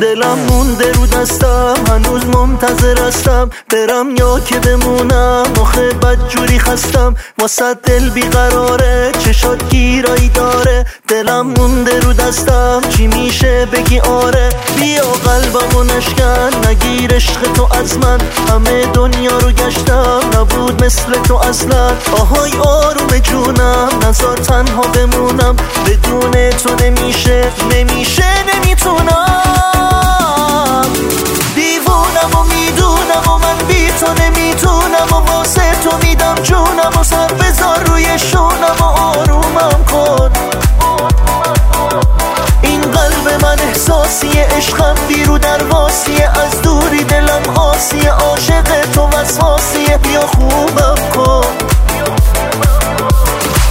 دلم مونده رو دستم هنوز منتظر هستم برم یا که بمونم آخه جوری خستم واسه دل بیقراره چشات گیرایی داره دلم مونده رو دستم چی میشه بگی آره بیا قلبمو نشکن نگیر عشق تو از من همه دنیا رو گشتم نبود مثل تو اصلا آهای آروم جونم نزار تنها بمونم بدون تو نمیشه نمیشه نمیتونم قاسیه عشقم بیرو در واسیه از دوری دلم خاصی عاشق تو وسواسیه بیا خوبم کن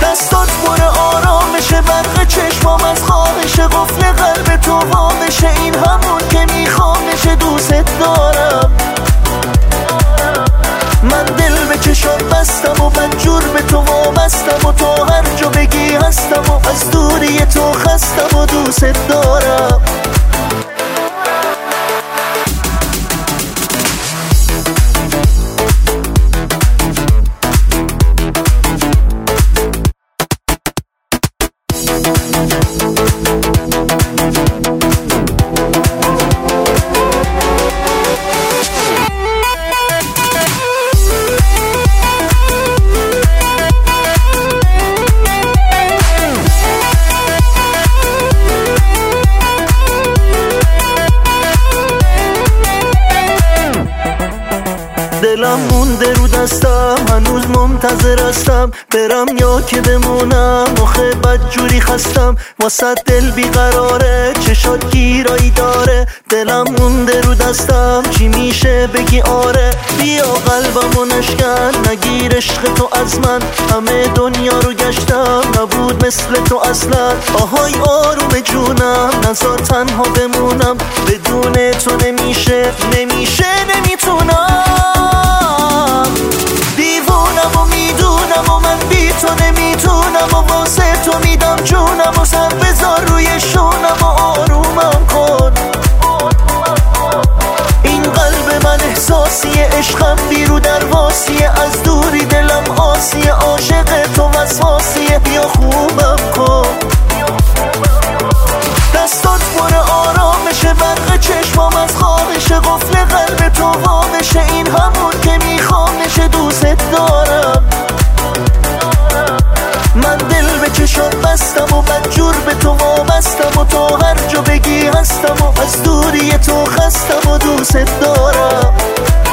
دستات پر آرامش برق چشمام از خواهش قفل قلب تو وامشه این همون که میخوامش دوست دارم من دل به چشم بستم و من به تو وابستم و تو دلم مونده رو دستم هنوز منتظر هستم برم یا که بمونم آخه بد جوری خستم واسه دل بیقراره چشات گیرایی داره دلم مونده رو دستم چی میشه بگی آره بیا قلبم و نشکن نگیر عشق تو از من همه دنیا رو گشتم نبود مثل تو اصلا آهای آروم جونم نزار تنها بمونم بدون تو نمیشه نمیشه عشقم بیرو در واسیه از دوری دلم آسیه عاشق تو وسواسیه بیا خوبم کن دستات بر آرامشه برق چشمام از خواهشه قفل قلب تو وامشه این همون که میخوامشه دوست دارم من دل به چشم بستم و بدجور به تو وابستم و تا هر جا بگی هستم و از دوری تو خستم و دوست دارم